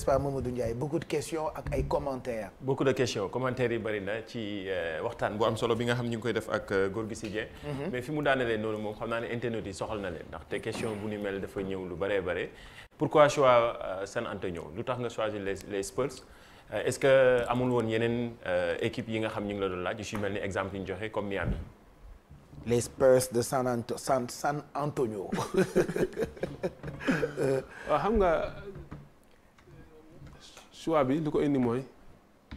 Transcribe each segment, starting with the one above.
n'est-ce pas Mamadou Ndiaye beaucoup de questions ak ay commentaires. beaucoup de questions commentaires yi bëri na ci euh, waxtaan bu am solo bi nga xam ñu koy def ak euh, Gorgui Sy Dieng. Mm-hmm. mais fi mu daanalee xam lu bëree bëri. pourquoi choix euh, San lu tax nga choisir les les ce que amul woon yeneen équipe yi nga xam ñu ngi la doon laaj yu si mel ni exemple yi ñu joxe comme Miami. les Spurs de San Anto San San Antonio. waaw xam nga. choix bi lu ko indi mooy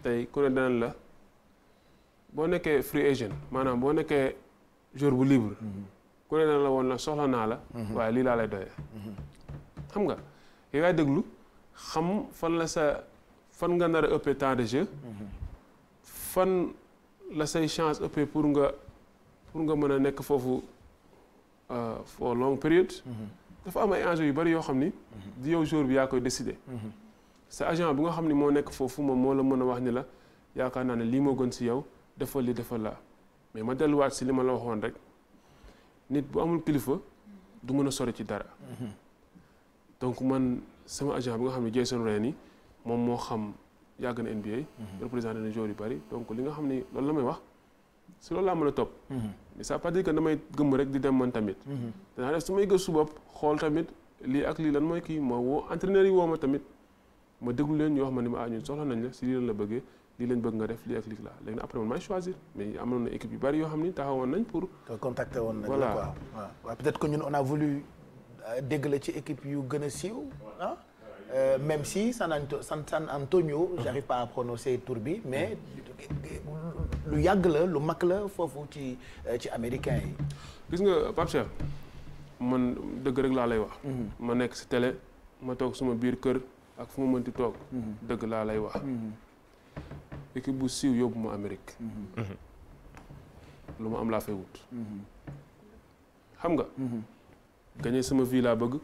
tey ku ne danañ la boo nekkee free agent maanaam boo nekkee joueur bu libre mhm. ku ne danañ la woon la soxla naa la mhm. waaye lii laa lay doyee mhm. xam nga yow yaay déglu xam fan la sa fan nga nar a ëppee temps de jeu fan la say chance ëppee pour nga pour nga mën a nekk foofu euh, for long période dafa am ay enjeux yu bari yoo xam ni di yow jour bi yaa koy décider sa agent bu nga xam ne moo nekk foofu moom moo la mën a wax ni la yaakaar naa ne lii moo gën si yow defal li defal la mais ma delluwaat si li ma la waxoon rek nit bu amul kilifa du mën a sori ci dara donc man sama agent bi nga xam ne Jason Reen yi moom moo xam yàgg na NBA représenté na joueurs yu bari donc li nga xam ni loolu la may wax si loolu laa mën a topp mais ça veut pas damay gëmm rek di dem man tamit mhm. danaa def su may gëstu bopp xool tamit lii ak lii lan mooy kii moo woo yi woo tamit ma déglu leen ñu wax ma ni ma ah ñun soxla nañ la si lii lan la bëggee lii lañ bëgg nga def lii ak lii la léegi après man maay choisir mais amoon na équipe yu bari yoo xam ni taxawoon nañ pour. contacter woon nañ voilà waaw waaw peut-être que euh, dégg la ci équipe yu gën a siiw ah. Euh, même si Anto San San Antonio. j'arrive pas à bi mais lu yàgg la lu mag la foofu ci euh, ci américain yi. gis nga Pape Cheikh man dëgg rek laa lay wax. Mhm. ma nekk si télé ma toog suma biir kër ak fu ma mënti toog. Mm-hmm. dëgg laa lay wax. Mm-hmm. équipe bu siiw yóbbu ma Amérique. Mm-hmm. lu ma am laa fay wut. xam nga. gagné sama vie laa bëgg.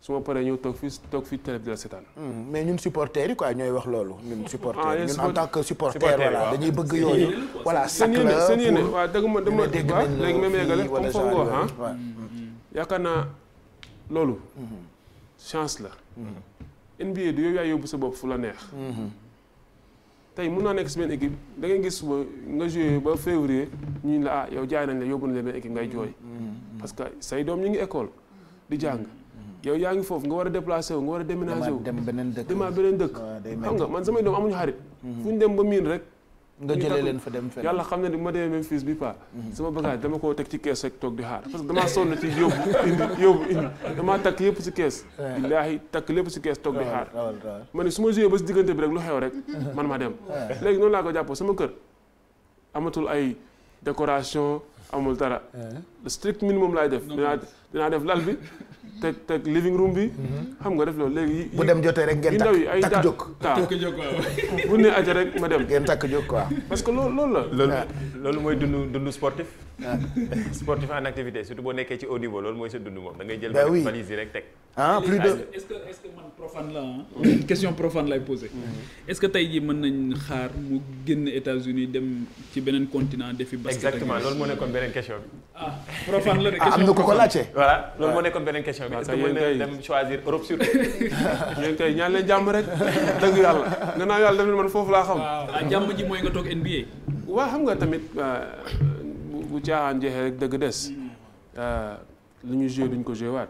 su ma paree ñëw toog fii toog fii télé la seetaan. mais ñun supporters yi quoi ñooy wax loolu. ñun supporters ah, ñun en tant que supporter voilà dañuy bëgg yooyu. voilà seen yéene seen yéene waaw dégg ma dama ah. waaw léegi même yeggale comme foofu nga wax ah. yaakaar naa loolu chance la. NBA du yow yaa yóbbu sa bopp fu la neex. Mhm. tey mun naa nekk si benn équipe da gis suba nga joué ba février ñu la ah yow jaay nañ la yóbbu na la benn équipe ngay jooy. Mhm, mhm. parce que say doom ñu ngi école di jàng. yow yaa ngi foofu nga war a déplacé wu nga war a déménagé wu. dem beneen dëkk dem beneen dëkk. xam nga man samay doom amuñu xarit. fu ñu dem ba miin rek. nga jëlee leen fa dem yàlla xam na ni ma demee Memphis bi pas mhm. sama bagage dama koo teg ci kees toog di xaar parce que damaa sonn ci yóbbu indi yóbbu indi damaa takk yëpp si kees billaahi takk lépp si kees toog di xaar ma ne su ma joué ba si diggante bi rek lu xew rek mhm. man ma dem léegi noonu laa ko jàppoo sama kër amatul ay décoration amul dara le strict minimum laay def dinaa dinaa def lal bi teg teg living room bi. Mhm. xam nga def loolu léegi. bu dem jotee rek ngeen takk takk jóg takk jóg waaw bu ne aja rek ma dem. ngeen takk jóg quoi. parce que loolu loolu la. loolu loolu mooy dundu dundu sportif. sportif en activité surtout boo nekkee ci haut niveau loolu mooy sa dund moom da ngay jël valise rek teg ah est est man profane la question profane lay posé mm-hmm. est-ce que tey jii mën nañ xaar mu génn États-Unis dem ci beneen continent defi basket exactement loolu moo nekkoon beneen question bi ah, ah, na ko ko laajte voilà loolu moo nekkoon beneen question bi est-ce que mën nañ dem choisir Europe surtout yéen kay ñaan leen jàmm rek dëgg yàlla nga naan yàlla def man foofu laa xam ah, jàmm ji mooy nga toog NBA waaw xam bu caaxaan jeexee rek dëgg des euh, lu ñu joué duñ ko joué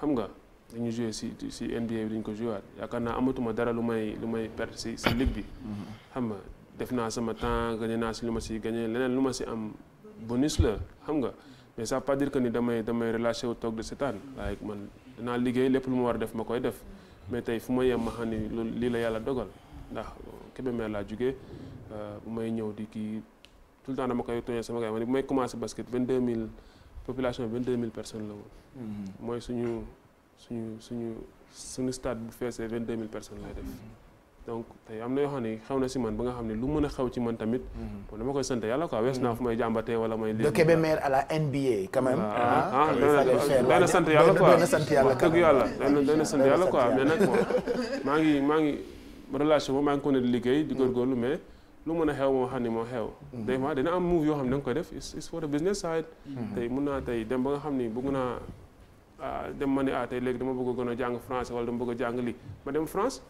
xam nga lu ñu joué si si NBA bi duñ ko joué waat yaakaar naa amatuma dara lu may lu may perte si si bi xam nga def naa sama temps gagné naa si lu ma si gagné leneen lu ma si am bonus la xam nga mais ça veut pas dire que ni damay damay relâché wu toog de seetaan waaye man danaa liggéey lépp lu ma war a def ma koy def mais tey fu ma yem ma xam ni lii la yàlla dogal ndax Kébémer laa jóge euh, bu may ñëw di kii tout le temps dama koy tooñee sama gars ma ne bu may commencé basket vingt deux mille population vingt deux mille personnes la woon. Mm-hmm. mooy suñu suñu suñu suñu stade bu feesee vingt deux mille personnes lay def. Mm-hmm. donc tey am na yoo xam ne xew na si man ba nga xam ne lu mën a xew ci man tamit. Mm-hmm. bon ma koy sant yàlla quoi wees naa fu may jàmbatee wala may. de Kébémer à la NBA quand ah, ah sant yàlla quoi doy yàlla dëgg yàlla doy na sant yàlla quoi maa ngi maa ngi relation boobu maa ngi ko di liggéey di mm. góorgóorlu mais. lu mën a xew moo xam ne moo xew mhm. des koy def it's for the business side mhm. tey mun naa tey dem ba nga xam ni bëgg naa ah, dem ma ne ah tey léegi dama bëgg a a jàng français wala dama bëgg a jàng lii ma dem France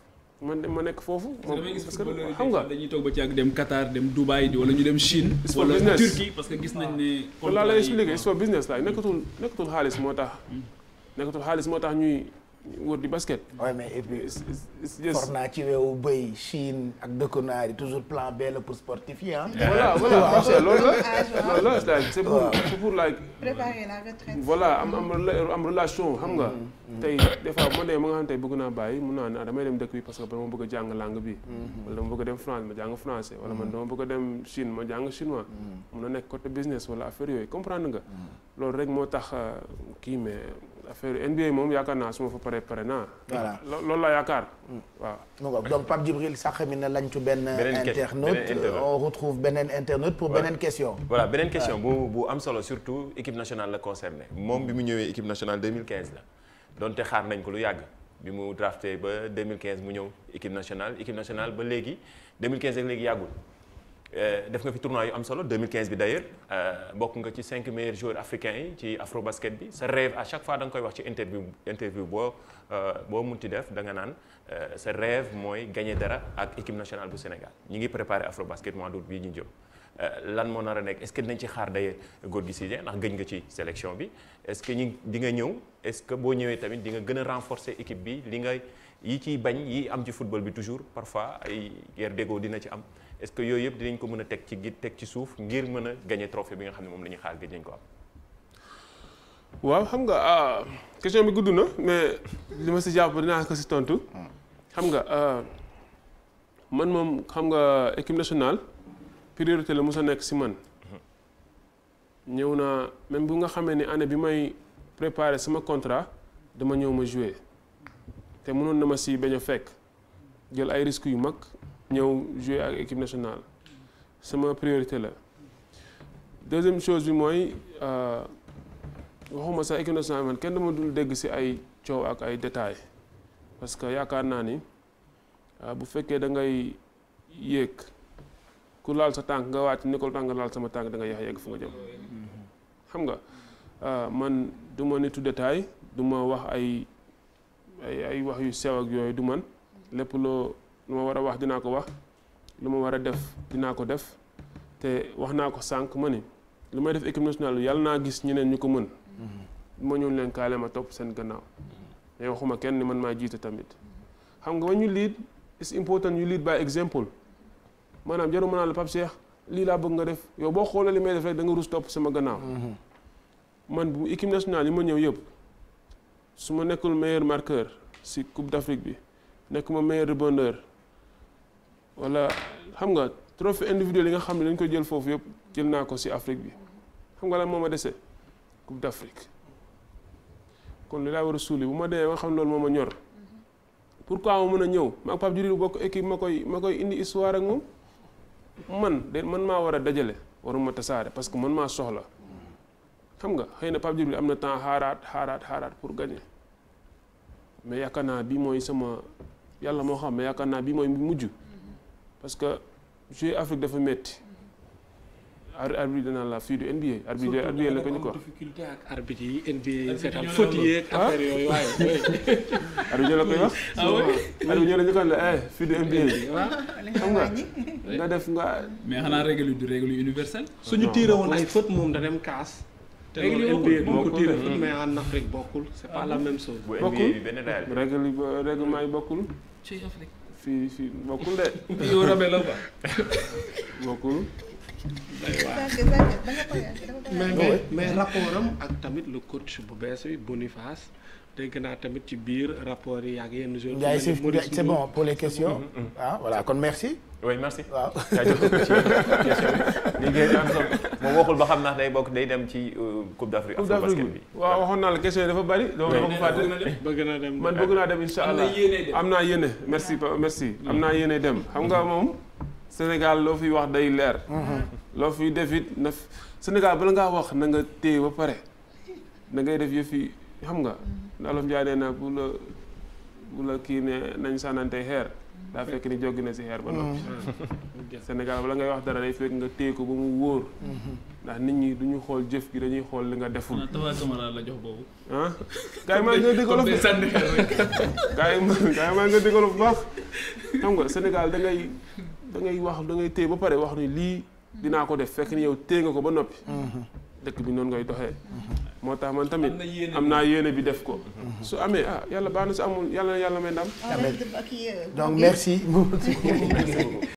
man ma nekk foofu. parce que xam nga dañuy toog ba dem Qatar dem Dubai di ñu dem Chine. it's for business ah. laay nekkatul nekkatul xaalis moo tax. Mm. nekkatul xaalis moo tax ñuy. wër di basket. oui naa ci weewu ak dëkku naar yi toujours plan B la pour sportif yi ah. voilà voilà ah, c'est am am relation xam nga. Mm, mm. tey des fois bu ma demee ma nga xam tey bëgg naa bàyyi mun naa ne ah, damay dem dëkk bi parce que dama bëgg a jàng langue bi. Mm, wala dama bëgg a dem France ma jàng français. wala man dama bëgg dem Chine ma jàng chinois. mun na nekk côté business wala affaire yooyu comprendre nga. loolu rek moo tax euh, kii affaire NBA moom yaakaar naa su ma fa paree pare naa. loolu laa yaakaar. Hmm. waaw donc Pape Djibril Sakho mi na lañtu benn. internaute on retrouve beneen internaute pour beneen question. voilà beneen question bu bu am solo surtout équipe nationale la concerné moom bi mu ñëwee équipe nationale 2015 la donte xaar nañ ko lu yàgg. bi mu drafté ba quinze mu ñëw équipe nationale équipe nationale ba léegi 2015 ak léegi yàggul. Euh, def nga fi tournoi yu am solo 2015 bi d'ailleurs euh, bokk nga ci cinq meilleurs joueurs africains yi ci afrobasket bi sa rêve à chaque fois da koy wax ci interview interview boo euh, boo ti def da nga naan sa rêve mooy gagner dara ak équipe nationale bu Sénégal ñi ngi préparer afrobasket mois d'août bii ñu jëm lan moo nar a nekk est-ce ci xaar d'ailleurs Gorgui Sy Dieng ndax gëj nga ci sélection bi est-ce que ñi di nga ñëw est-ce que boo ñëwee tamit di nga gën a renforcer équipe bi li nga yi ciy bañ yi am ci football bi toujours parfois ay guerre dina ci am est-ce que yooyu yëpp dinañ ko mën a teg ci teg ci suuf ngir mën a gagner trophée bi nga xam ne moom la ñuy xaar gëj ko am. waaw xam nga ah, question bi gudd na mais li ma si jàpp dinaa ko si tontu. xam nga ah, man moom xam nga équipe nationale priorité la mos nekk si man. ñëw même bu nga xamee ne année bi may préparer sama contrat dama ñëw ma jouer te mënoon na ma si bañ a fekk jël ay risques yu mag. ñëw jouer ak équipe nationale sama priorité la deuxième chose bi mooy euh, waxuma sax équipe nationale man kenn dama dul dégg si ay coow ak ay détails parce que yaakaar naa ni euh, bu fekkee da ngay yéeg ku laal sa tànk nga wàcc ni ko tànk laal sama tànk da nga yeex yegg fu nga jëm xam nga euh, man duma ma nitu détail du ma wax ay ay ay wax yu sew ak yooyu du man lépp loo lu ma war a wax dinaa ko wax lu ma war a def dinaa ko def te wax naa ko sànq ma ni lu may def équipe nationale yàlla naa gis ñeneen ñu ko mën mm-hmm. ma ñëw leen kaale ma topp seen gannaaw mais mm-hmm. waxuma kenn ni man maa jiite tamit xam nga when you lead it's important you lead by example maanaam jaru ma naa la Pape Cheikh lii laa bëgg nga def yow boo xoolee li may def da nga rus sama gannaaw mm-hmm. man bu équipe nationale yi ma ñëw yëpp su ma nekkul meilleur marqueur si Coupe d'Afrique bi nekk ma meilleur rebondeur wala xam nga trophée individuel yi nga xam ne dañ ko jël foofu yëpp jël naa ko si Afrique bi xam nga lan moo ma dese Coupe d'Afrique kon li laa war a suuli bu ma demee ma xam loolu moom ma ñor pour ma mën a ñëw maag Pape Djibril bokk équipe ma koy ma koy indi histoire ak moom man de man maa war a dajale waruma tasaare parce que man maa soxla xam nga xëy na Pape Djibril am na temps xaaraat xaaraat xaaraat pour gagner mais yaakaar naa bi mooy sama yàlla moo xam mais yaakaar naa bi mooy mujj parce que jouer Afrique dafa métti. arbitre dana la fii du NBA. arbitre arbitre la ko ko difficulté ak arbitre yi NBA seetaan faute yi ak affaire yooyu waaye. Ah. arbitre la koy wax. Ah eh, nga def nga. mais xanaa règle du règle universelle. suñu tiire woon ay faute moom da dem kaas. te loolu moo ko tiire faute mm-hmm. mais en Afrique bokkul c'est pas ah la même chose. yi bokkul. ci Afrique. si si bokkul de. yow rabe la quoi. bokkul. ak tamit le coach bu bees bi Boniface. dégg naa tamit ci biir rapport yi ak yenn zone. Mm-hmm, mm-hmm. ah, kon merci. oui merci ba xam ndax day bokk day dem ci euh, Coupe d'Afrique. Coupe d'Afrique bi waaw waxoon naa la question yi dafa bari. naa dem man bëgg naa dem incha allah am naa yéene merci merci am naa yéene dem xam nga moom Sénégal loo fi wax day leer. Mm-hmm. loo fi def it na Sénégal bala ngaa wax na téye ba pare na def yëf yi. xam nga Olof mm-hmm. Njaay nee na bu la bu la kii ne nañ sànnante xeer mm-hmm. daa fekk ni joggi na si xeer ba noppi mm-hmm. Sénégal bala ngay wax dara day nga téye ko ba mu wóor nit ñi du ñu xool jëf gi dañuy xool li nga deful la jox boobu ah gars yi maa nga dégg olof sànni xeer rek da ngay da wax da ngay téye ba pare wax ni lii dinaa ko def fekk ni yow téye nga ko ba noppi dëkk bi noonu ngay doxee moo tax man tamit am naa yéene bi def ko. Mhm. su amee ah yàlla baax na su amul yàlla yàlla may ndam. donc merci.